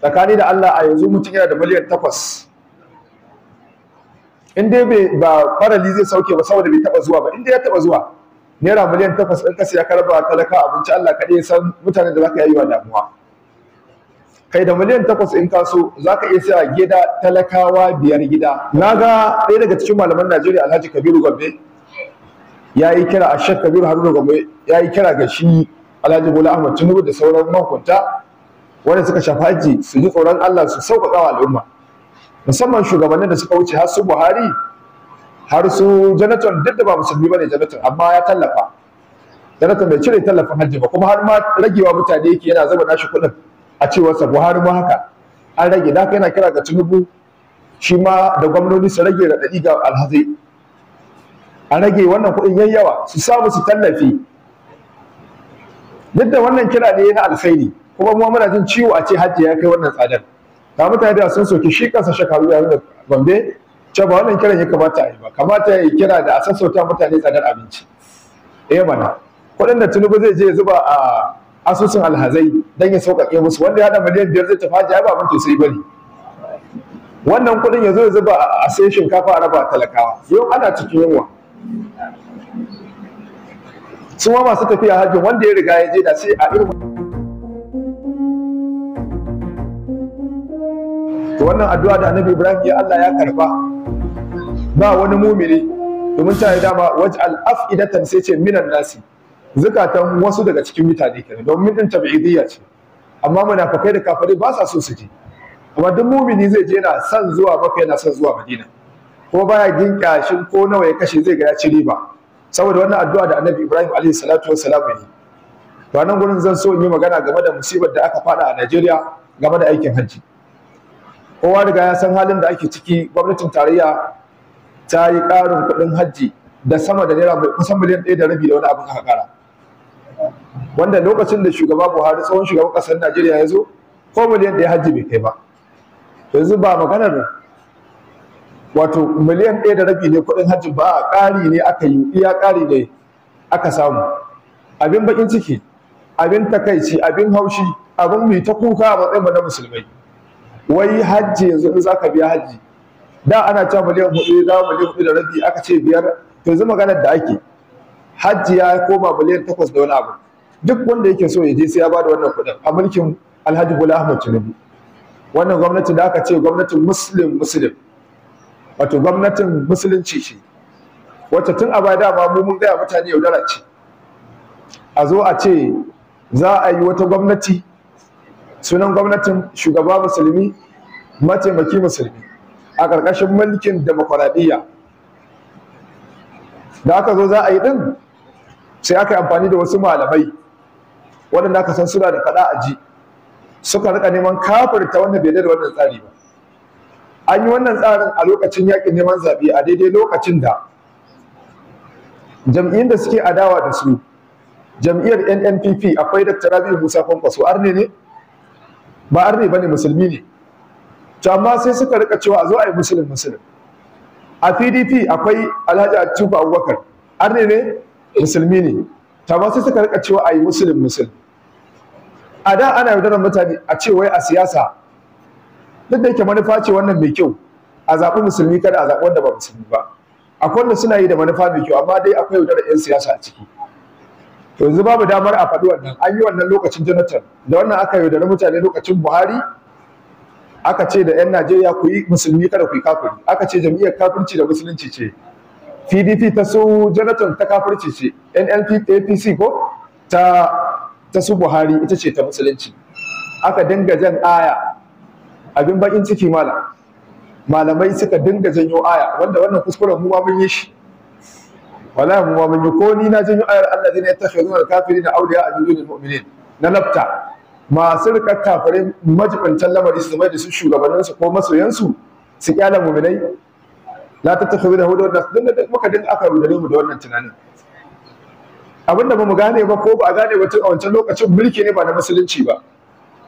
tsakani da Allah a yanzu mutum yana da miliyan takwas in dai ba farali zai sauke ba saboda bai taba zuwa ba in dai ya taba zuwa naira miliyan takwas ɗan kasa ya karba talaka abinci Allah kaɗai ya san mutanen da zaka yi wa damuwa kai da miliyan takwas in ka so za ka iya saya gida talakawa biyar gida na ga ɗaya daga cikin malaman Najeriya Alhaji Kabiru Gombe ya yi kira a Shek Kabiru Haruna Gombe ya yi kira ga shi Alhaji Bola Ahmad Tinubu da sauran mahukunta wanda suka shafi haji su ji tsoron Allah su sauƙaƙa wa al'umma musamman shugabannin da suka wuce har su Buhari har su Jonathan duk da ba musulmi bane Jonathan amma ya tallafa Jonathan bai cire tallafin haji ba kuma har ma ragewa mutane yake yana zama nashi kuɗin a cewar sa Buhari ma haka an rage da yana kira ga Tinubu shi ma da gwamnoni su rage raɗaɗi ga alhazai a rage wannan kuɗin yayyawa su samu su tallafi duk da wannan kira ne na alkhairi kuma mu muna jin ciwo a ce hajji ya kai wannan tsadar ta mutane da sun soki shi kansa shekaru ya nuna bambe ce ba wannan kiran ya kamata a yi ba kamata ya yi kira da a sassauta mutane tsadar abinci eh mana kuɗin da tunubu zai je zuba a asusun alhazai don ya sauƙaƙe musu wanda ya da miliyan biyar zai tafi ya ba abin tosai ba ne wannan kuɗin ya zo ya zuba a sai shinkafa a raba talakawa yau ana cikin yunwa su ma masu tafiya hajji wanda ya riga ya je da sai a irin wannan addu'a da annabi ibrahim ya Allah ya karba ba wani mumini domin ta yi dama waj'al af'idatan sai ce minan nasi zukatan wasu daga cikin mutane kenan domin din tabi'idiyya ce amma munafikai da kafirai ba sa so su je amma duk mumini zai je yana san zuwa maka yana son zuwa madina ko baya ginkashin kashin ko nawa ya kashe zai ga ya ci riba saboda wannan addu'a da annabi ibrahim alaihi salatu wassalam yi to nan gurin zan so in yi magana game da musibar da aka fada a najeriya game da aikin hajji kowa daga ya san halin da ake ciki gwamnatin tarayya ta yi ƙarin kuɗin hajji da sama da naira kusan miliyan ɗaya da rabi da wani abin haka ƙara wanda lokacin da shugaba buhari tsohon shugaban ƙasar najeriya ya zo ko miliyan ɗaya hajji bai kai ba yanzu ba maganar wato miliyan ɗaya da rabi ne kuɗin hajji ba a ƙari ne aka yi iya ƙari ne aka samu abin bakin ciki abin takaici abin haushi abin mai ta kuka a matsayin na musulmai wai hajji yanzu in zaka biya hajji da ana cewa miliyan hudu mu miliyan hudu da rabi aka ce biyar to yanzu maganar da ake hajji ya koma miliyan takwas da wani abu duk wanda yake so ya je sai ya bada wannan kuɗin a mulkin Alhaji Bola ahmad Tinubu wannan gwamnati da aka ce gwamnatin muslim muslim wato gwamnatin musulunci ce wacce tun a baya dama mu mun gaya mutane yaudara ce a zo a ce za a yi wata gwamnati sunan gwamnatin shugaba musulmi mataimaki musulmi a ƙarƙashin mulkin demokuraɗiyya da aka zo za a yi ɗin sai aka yi amfani da wasu malamai waɗanda aka san suna da faɗa a ji suka rika neman kafirta wanda bai da wannan tsari ba an yi wannan tsarin a lokacin yaƙin neman zaɓe a daidai lokacin da jam'iyyun da suke adawa da su jam'iyyar nnpp akwai dr Rabi musa kwankwaso arne ne ba ba ne musulmi ne to amma sai suka rika cewa a zo a yi musulun musulun a pdp akwai alhaji cikin abubakar arne ne musulmi ne to amma sai suka rika cewa a yi musulun musulun a da ana da mutane a ce wai a siyasa duk da yake manufa ce wannan mai kyau a zaɓi musulmi kada a zaɓi wanda ba musulmi ba akwai wanda suna yi da manufa mai kyau amma dai akwai yaudarar 'yan siyasa a ciki yanzu babu damar a faɗi wannan an yi wannan lokacin janatar. da wannan aka yi da mutane lokacin Buhari aka ce da 'yan Najeriya ku yi musulmi kada ku yi kafiri aka ce jam'iyyar kafirci da musulunci ce PDP ta su janatar ta kafirci ce NNP APC ko ta ta su Buhari ita ce ta musulunci aka dinga jan aya abin bakin ciki malam, malamai suka dinga janyo aya wanda wannan kuskuren mu ma mun yi shi wala mu ba mun na jin ayar Allah zai yattakhiduna al-kafirina awliya min dunil mu'minin na nafta masu rika kafirin majibantan lamari su mai da su shugabannin su ko masoyan su kyalan mu'minai la tattakhiduna hudu da dan da muka dinga aka rudare mu da wannan tunanin abinda ba mu gane ba ko ba a gane ba tun a wancan lokacin mulki ne ba na musulunci ba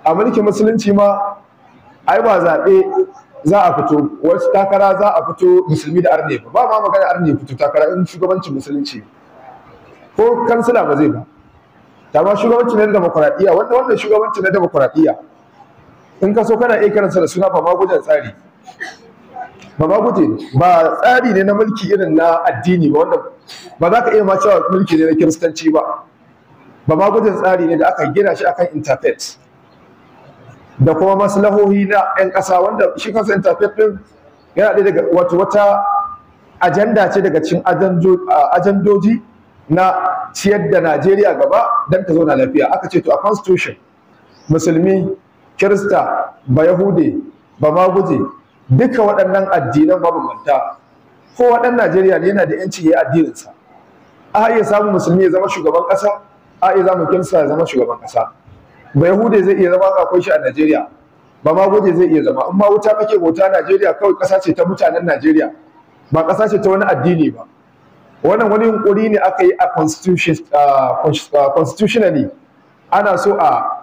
a mulkin musulunci ma ai ba zaɓe za a fito wasu takara za a fito musulmi da arne ba ma magana arne fito takara in shugabancin musulunci ko kansila ba zai ba ma shugabanci na demokuraɗiyya wanda wannan shugabanci na demokuraɗiyya in ka so kana iya karansa da suna ba ma tsari ba ma guje ba tsari ne na mulki irin na addini ba wanda ba za ka iya ma cewa mulki ne na kiristanci ba ba ma tsari ne da aka gina shi akan interfaith da kuma maslahohi na 'yan ƙasa wanda shi kansa intafetin yana ɗaya daga wata wata ajanda ce daga cin ajandoji na ciyar da Najeriya gaba don ta zauna lafiya aka ce to a constitution musulmi kirista ba yahude ba maguje duka waɗannan addinan mabambanta ko waɗannan Najeriya ne yana da yanci ya yi addininsa a iya samun musulmi ya zama shugaban ƙasa a iya samun kirista ya zama shugaban ƙasa ba hude zai iya zama akwai shi a Najeriya ba ma gode zai iya zama Amma ma wuta kake bauta Najeriya kawai ƙasa ce ta mutanen Najeriya ba ƙasa ce ta wani addini ba wannan wani yunkuri ne aka yi a constitutionally ana so a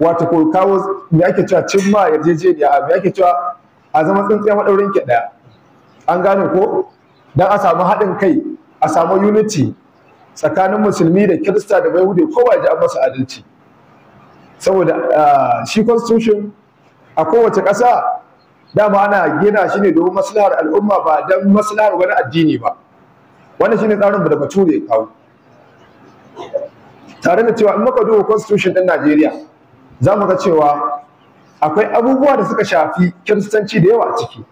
wato ko kawo me ake cewa cimma yarjejeniya me ake cewa a zama tsintsiya maɗaurin ke ɗaya an gane ko dan a samu haɗin kai a samu unity tsakanin musulmi da kirista da bai hude kowa ji an masa adalci saboda ah, shi constitution a kowace ƙasa dama ana gina shi ne domin maslahar al'umma ba don maslahar wani addini ba wannan shine tsarin da bature ya kawo tare da cewa in muka duba constitution din Najeriya za mu ga cewa akwai abubuwa da suka shafi kiristanci da yawa a ciki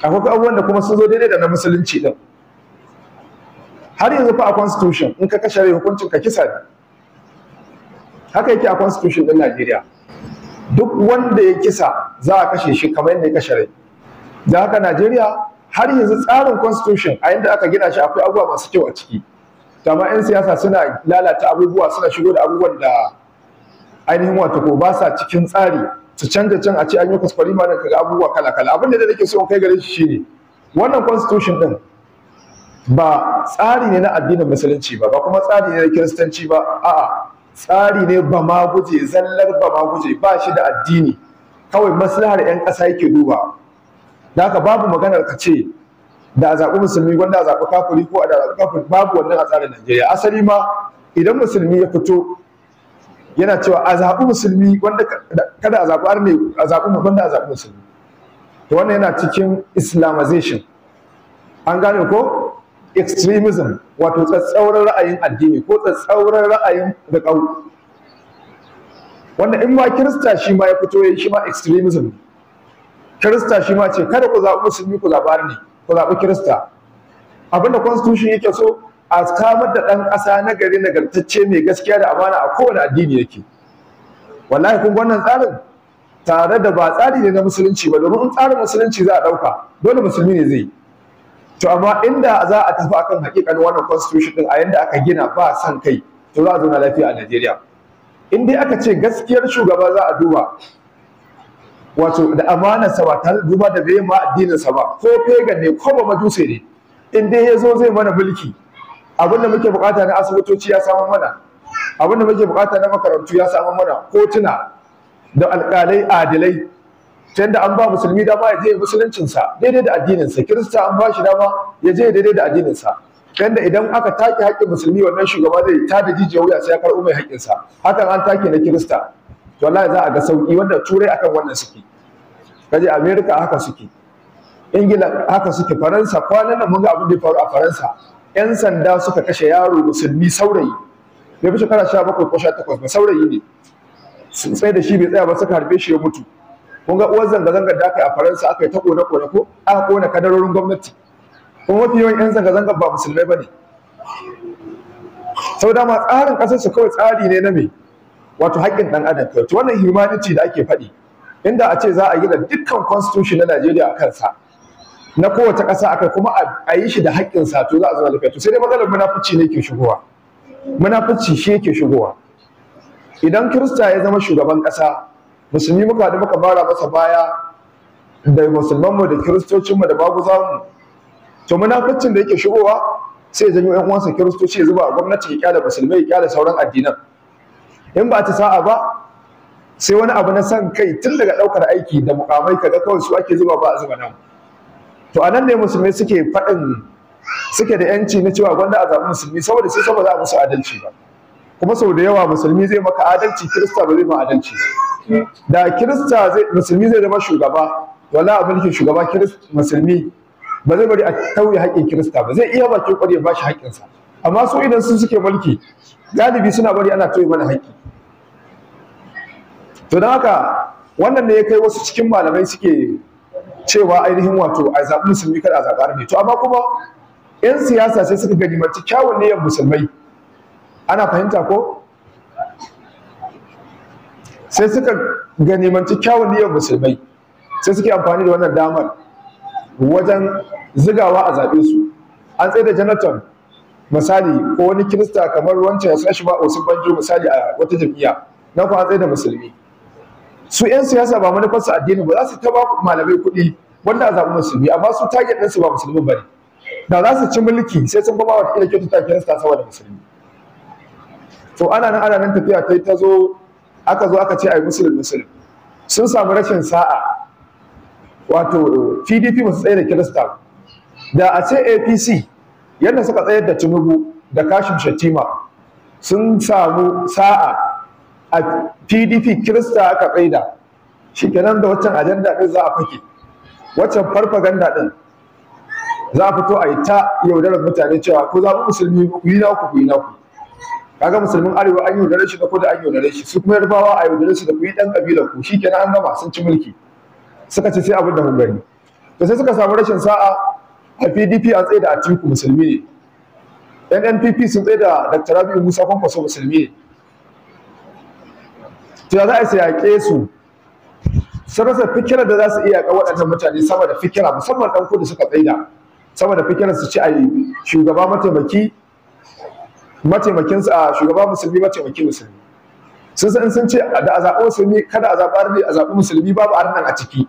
akwai abubuwan da kuma sun zo daidai da na musulunci din har yanzu fa a constitution in ka kashe hukuncin ka kisa ne haka yake a constitution din Najeriya duk wanda ya kisa za a kashe shi kamar yadda ya kashe rai da haka Najeriya har yanzu tsarin constitution a yadda aka gina shi akwai abubuwa masu kyau a ciki amma 'yan siyasa suna lalata abubuwa suna shigo da abubuwan da ainihin wato ko ba sa cikin tsari su canza can a ce an yi kuskure ma kaga abubuwa kala kala abin da nake so in kai gare shi shine wannan constitution din ba tsari ne na addinin musulunci ba ba kuma tsari ne na kiristanci ba a'a tsari ne ba ma guje zallar ba ma guje ba shi da addini kawai maslahar 'yan ƙasa yake duba da haka babu maganar ka ce da a zaɓi musulmi wanda a zaɓi kafiri ko a da zaɓi kafiri babu wannan a tsarin Najeriya asali ma idan musulmi ya fito yana cewa a zaɓi musulmi wanda kada a zaɓi arne a zaɓi wanda a zaɓi musulmi to wannan yana cikin islamization an gane ko extremism wato tsatsauran ra'ayin addini ko tsatsauran ra'ayin da kawo wanda in ma kirista shi ma ya fito ya shi ma extremism kirista shi ma ce kada ku zaɓi musulmi ku zaɓi ne ku zaɓi kirista abinda constitution yake so a kamar da ɗan ƙasa na gari nagartacce mai gaskiya da amana a kowane addini yake wallahi kun wannan tsarin tare da ba tsari ne na musulunci ba domin in tsarin musulunci za a ɗauka dole musulmi ne zai yi to amma inda za a tafi akan hakikan wannan constitution din a yanda aka gina ba san kai to za a zauna lafiya a Najeriya in dai aka ce gaskiyar shugaba za a duba wato da amanarsa ba ta da duba da bai ma addininsa ba ko fega ne ko ba majuse ne in dai ya zo zai mana mulki abinda muke bukata na asibitoci ya samu mana abinda muke bukata na makarantu ya samu mana kotuna da alƙalai adilai tunda an ba musulmi dama ya je musuluncin sa daidai da addinin sa kirista an ba shi dama ya je daidai da addinin sa tunda idan aka take haƙƙin musulmi wannan shugaba zai ta da jijiyar wuya sai ya karɓo mai haƙƙin sa hakan an take na kirista to wallahi za a ga sauki wanda turai akan wannan suke kaje america haka suke ingila haka suke faransa kwanan nan mun ga abin da ya faru a faransa yan sanda suka kashe yaro musulmi saurayi bai fi shekara sha bakwai ko sha ba saurayi ne sun tsaye da shi bai tsaya ba suka harbe shi ya mutu kun ga uwar zanga-zangar da aka yi a faransa aka yi ta kone-kone ko aka kone kadarorin gwamnati kuma mafi yawan 'yan zanga-zangar ba musulmai ba ne sau dama tsarin kasarsu kawai tsari ne na me wato haƙƙin ɗan adam kyautu wannan humanity da ake faɗi inda a ce za a gina dukkan constitution na najeriya a kansa na kowace ƙasa aka kuma a yi shi da haƙƙin sa to za a zama lafiya to sai dai matsalar munafici ne ke shigowa shi yake shigowa idan kirista ya zama shugaban ƙasa musulmi muka haɗu muka bara masa baya da musulmanmu da kiristocinmu da babu zamu to munaficcin da yake shigowa sai ya janyo ƴan uwansa kiristoci ya zuba a gwamnati ya kyale musulmai ya kyale sauran addinan in ba ta sa'a ba sai wani abu na san kai tun daga ɗaukar aiki da mukamai kaga kawai su ake zuba ba a zuba nan to anan ne musulmai suke faɗin suke da yanci na cewa gwanda a zaɓi musulmi saboda sai saboda a musu adalci ba kuma sau da yawa musulmi zai maka adalci kirista ba zai ma adalci ba da kirista zai musulmi zai zama shugaba wala a mulkin shugaba kirista musulmi ba zai bari a tauye haƙƙin kirista ba zai iya bakin ƙwarya ba shi haƙƙinsa amma su idan sun suke mulki galibi suna bari ana tauye mana haƙƙi to don haka wannan ne ya kai wasu cikin malamai suke cewa ainihin wato a zaɓi musulmi kada a zaɓi to amma kuma 'yan siyasa sai suka gani mace kyawun niyyar musulmai ana fahimta ko sai suka ganimanci kyawun niyyar musulmai sai suke amfani da wannan damar wajen zigawa a zaɓe su an tsaye da jonathan misali ko wani kirista kamar wancan ya shi ba osin banjo misali a wata jam'iyya na kuma an tsaye da musulmi su 'yan siyasa ba manufarsu addini ba za su taba malamai kuɗi wanda a zaɓi musulmi amma su target ɗinsu ba musulmi ba ne da za su ci mulki sai sun gaba wata kila kyautata kirista sama da musulmi to ana nan ana nan tafiya ta yi ta zo aka zo aka ce ai musulun musulun sun samu rashin sa'a wato pdp ba su tsaye da kirista da a ce apc yadda suka tsayar da tinubu da kashim shatima sun samu sa'a a pdp kirista aka tsaida shi kenan da waccan ajanda din za a fake waccan farfaganda din za a fito a yi ta yaudarar mutane cewa ku zaɓi musulmi ku yi naku ku yi naku kaga musulmin arewa an yaudare shi da ko da an yaudare shi su kuma yarbawa a yaudare su da ku yi dan kabilar ku shikenan an gama sun ci mulki suka ce sai abin da mun gani to sai suka samu rashin sa'a a PDP an tsaye da Atiku musulmi ne yan NPP sun tsaye da Dr. Rabi'u Musa Kwankwaso musulmi ne to za a yaƙe su sun rasa fikirar da za su iya ga waɗannan mutane sama da fikira musamman dan kudu suka tsaida sama da fikirar su ci a shugaba mataimaki mataimakin a shugaba musulmi mataimakin musulmi sun san sun ce da a zaɓi musulmi kada a zaɓi arni a zaɓi musulmi babu nan a ciki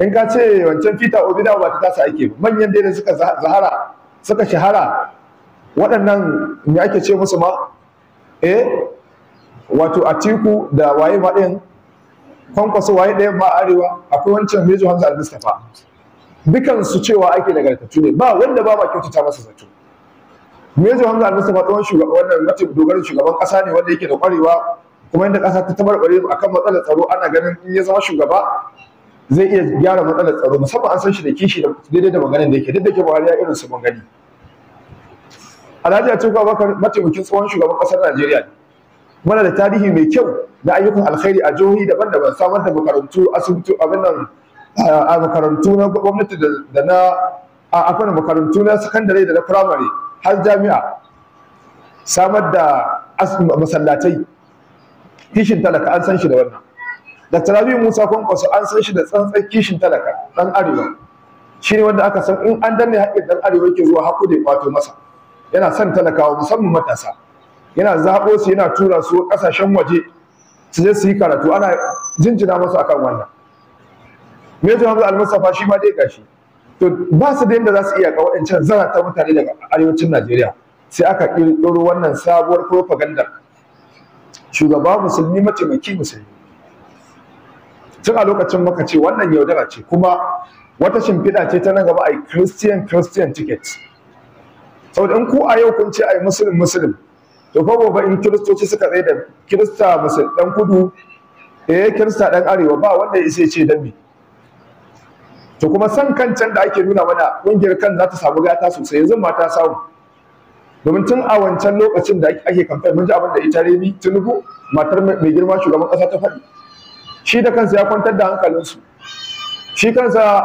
in ka ce wancan fita obida ba ta tasa ake ba manyan dai da suka zahara suka shahara waɗannan me ake ce musu ma eh wato atiku da waye ma ɗin kwankwaso waye ɗaya ma arewa akwai wancan mejo hamza al-mustafa dukansu cewa ake nagartattu ne ba wanda ba ma kyautata masa zato Mejo Hamza Al-Mustafa tsohon shugaban wannan mutum dogarin shugaban kasa ne wanda yake da kwarewa kuma inda kasa ta tabarbare akan matsalar tsaro ana ganin in ya zama shugaba zai iya gyara matsalar tsaro musamman an san shi da kishi da daidai da maganin da yake duk da ke Buhari ya irin su mun gani Alhaji Atiku Abubakar mataimakin tsohon shugaban ƙasar Najeriya ne muna da tarihi mai kyau na ayyukan alkhairi a jihohi daban-daban samar da makarantu asibiti abin nan a makarantu na gwamnati da na a akwai makarantu na sakandare da na firamare har jami'a samar da masallatai kishin talaka an san shi da wannan Dr. Rabi Musa Kwankwaso an san shi da tsantsan kishin talaka dan arewa shi ne wanda aka san in an danne haƙƙin dan arewa yake zuwa haƙo da ya kwato masa yana son talakawa musamman matasa yana zaɓo su yana tura su kasashen waje su je su yi karatu ana jinjina masu akan wannan me yasa Hamza Al-Mustafa shi ma dai gashi to ba su da yadda za su iya ga waɗancan zarata mutane daga arewacin Najeriya sai aka ƙirƙiro wannan sabuwar propaganda shugaba musulmi mataimaki musulmi tun a lokacin muka ce wannan yaudara ce kuma wata shimfiɗa ce ta nan gaba a yi christian christian ticket saboda in ku a yau kun ce a yi musulun musulun to ko gobe in kiristoci suka tsaye da kirista musul dan kudu eh kirista dan arewa ba wanda ya isa ce dan me to kuma san kan can da ake nuna mana ƙungiyar kan za ta samu gata sosai yanzu mata samu domin tun a wancan lokacin da ake kamfani mun ji abin da ita remi tinubu matar mai girma shugaban ƙasa ta faɗi shi da kansa ya kwantar da hankalinsu shi kansa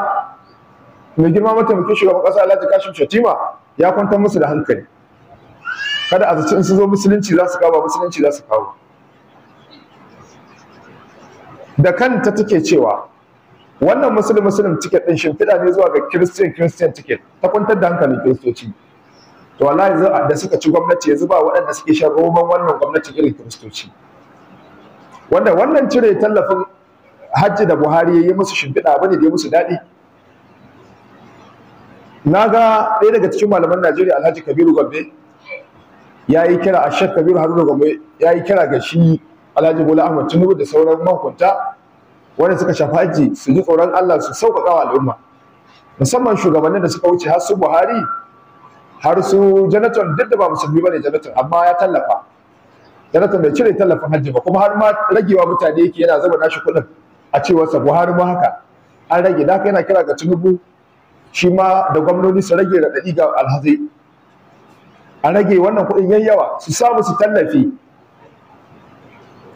mai girma mataimakin shugaban ƙasa alhaji kashim shatima ya kwantar musu da hankali kada a zaci in su zo musulunci za su kawo ba musulunci za su kawo da kanta take cewa wannan musulun musulun ticket din shimfiɗa ne zuwa ga christian christian ticket ta kwantar da hankalin kiristoci to wallahi ah, da suka ci gwamnati ya zuba waɗanda suke shan roman wannan gwamnati irin kiristoci wanda wannan cire tallafin hajji da buhari ya yi musu shimfiɗa bane da ya musu daɗi na ga ɗaya daga cikin malaman najeriya alhaji kabiru gombe ya yi kira a shek kabiru haruna gombe ya yi kira ga shi alhaji bola ahmad tinubu da sauran mahukunta wanda suka shafa haji su ji tsoron Allah su sauƙaƙa wa al'umma musamman shugabannin da suka wuce har su Buhari har su Jonathan duk da ba musulmi bane Jonathan amma ya tallafa Jonathan bai cire tallafin hajji ba kuma har ma ragewa mutane yake yana zama nashi kuɗin a cewarsa Buhari ma haka an rage da haka yana kira ga Tinubu shi ma da gwamnoni su rage raɗaɗi ga alhazai An rage wannan kuɗin yayyawa su samu su tallafi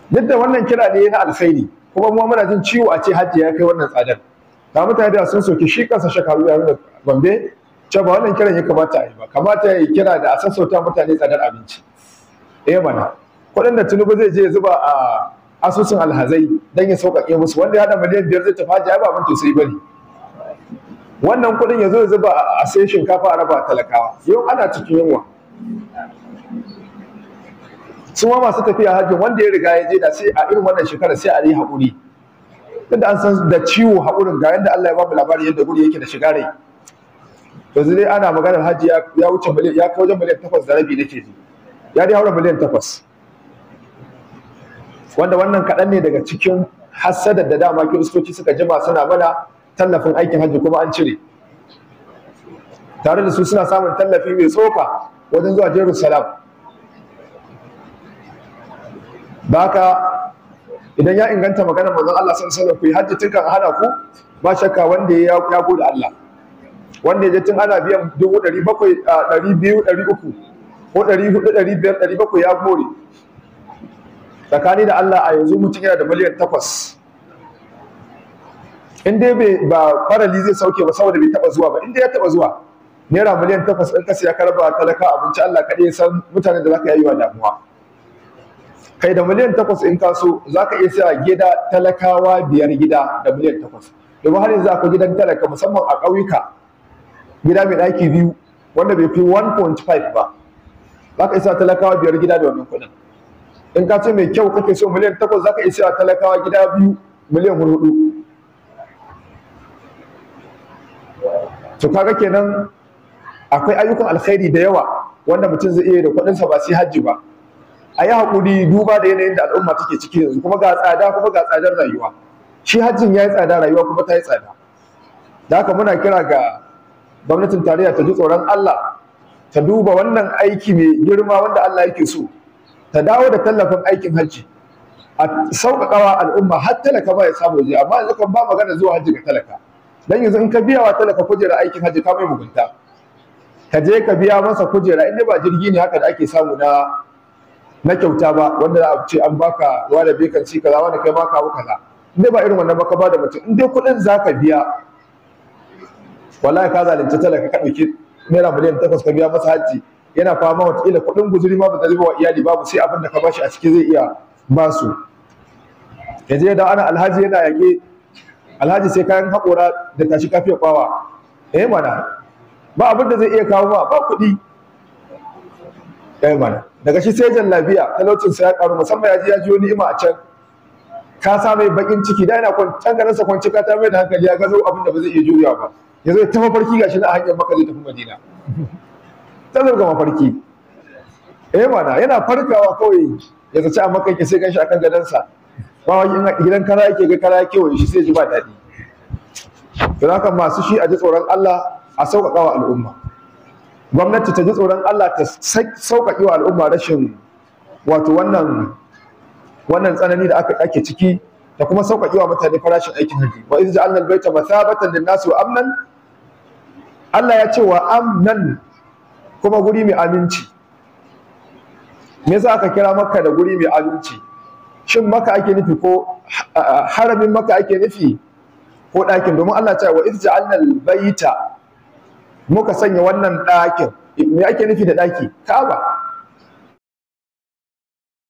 duk da wannan kira ne na alkhairi kuma mu muna jin ciwo a ce hajji ya kai wannan tsadar da mutane da sun soke shi kansa shekaru ya nuna gombe ce ba wannan kiran ya kamata a yi ba kamata ya yi kira da a sassauta mutane tsadar abinci eh bana. kuɗin da tunubu zai je zuba a asusun alhazai don ya sauƙaƙe musu wanda ya haɗa miliyan biyar zai tafi hajji ba abin tausayi ba ne wannan kuɗin ya zo ya zuba a sai shinkafa a raba talakawa yau ana cikin yunwa su ma masu tafiya hajji wanda ya riga ya je da sai a irin wannan shekarar sai a yi haƙuri tunda an san da ciwo haƙurin ga yanda Allah ya ba mu labari yadda guri yake da shiga rai yanzu dai ana maganar hajji ya wuce miliyan ya kawo miliyan takwas da rabi nake ji ya dai haura miliyan takwas wanda wannan kaɗan ne daga cikin hassadar da dama kiristoci suka jima suna mana tallafin aikin hajji kuma an cire tare da su suna samun tallafi mai tsoka wajen zuwa jerusalem Baka, idan ya inganta maganar manzon Allah sallallahu alaihi ku yi hajji tun kan hana ku ba shakka wanda ya ya gode Allah wanda ya je tun ana biyan dubu ɗari bakwai ɗari biyu ɗari uku ko ɗari hudu ɗari biyar ɗari bakwai ya gore tsakani da Allah a yanzu mutum yana da miliyan takwas in dai ba farali zai sauke ba saboda bai taba zuwa ba in dai ya taba zuwa naira miliyan takwas ɗin kasa ya karba talaka abinci Allah kaɗai ya san mutanen da za ka yi wa damuwa kai da miliyan takwas in ka so, za ka iya siya gida talakawa biyar gida da miliyan takwas domin har yanzu akwai gidan talaka musamman a ƙauyuka gida mai ɗaki biyu wanda bai fi 1.5 ba za ka isa talakawa biyar gida da wannan kuɗin in ka ce mai kyau kake so miliyan takwas za ka iya siya talakawa gida biyu miliyan hudu to kaga kenan akwai ayyukan alkhairi da yawa wanda mutum zai iya da kuɗinsa ba sai hajji ba a yi haƙuri duba da yanayin da al'umma take ciki yanzu kuma ga tsada kuma ga tsadar rayuwa shi hajjin ya yi tsada rayuwa kuma ta yi tsada da haka muna kira ga gwamnatin tarayya ta ji tsoron Allah ta duba wannan aiki mai girma wanda Allah yake so ta dawo da tallafin aikin hajji a sauƙaƙawa al'umma har talaka ba ya samu je amma yanzu kan ba magana zuwa hajji ga talaka dan yanzu in ka biya wa talaka kujera aikin hajji ka mai mugunta ka je ka biya masa kujera in ba jirgi ne haka da ake samu na na kyauta ba wanda za a ce an baka ruwa da kan ci kaza wani kai ma wuka za in dai ba irin wannan ba da bada mutum in dai kuɗin za ka biya wallahi ka zalunci talaka ka ɗauki naira miliyan takwas ka biya masa hajji yana fama wataƙila kuɗin guzuri ma ba ta zuba wa iyali babu sai abin da ka bashi a ciki zai iya ba su yanzu yadda ana alhaji yana yaƙe alhaji sai kayan haƙora da tashi kafiyar kwawa eh mana ba abin da zai iya kawo ba ba kuɗi eh mana daga shi sai labiya talaucin sa ya karu musamman ya ji ya ima a can ka sa mai bakin ciki da yana kwancan garin sa kwanci ka ta mai da hankali ya gazo abin da ba zai iya juriya ba ya zai tafi farki gashi na hanyar maka zai tafi madina ta zurga mafarki eh mana yana farkawa kawai ya zaci a maka ke sai ganshi akan gadansa ba wani gidan kara yake ga kara yake wani shi sai ji ba daɗi don haka masu shi a ji tsoron Allah a sauƙaƙa wa al'umma gwamnati ta ji tsoron Allah ta sauƙaƙe wa al'umma rashin wato wannan wannan tsanani da aka ake ciki da kuma sauƙaƙe wa mutane farashin aikin haji wa idza ja'alna al-baita mathabatan lin-nasi wa amnan Allah ya ce wa amnan kuma guri mai aminci me yasa aka kira Makka da guri mai aminci shin Makka ake nufi ko haramin Makka ake nufi ko ɗakin domin Allah ta ce wa idza ja'alna al-baita muka sanya wannan ɗakin me ake nufi da ɗaki Kawa.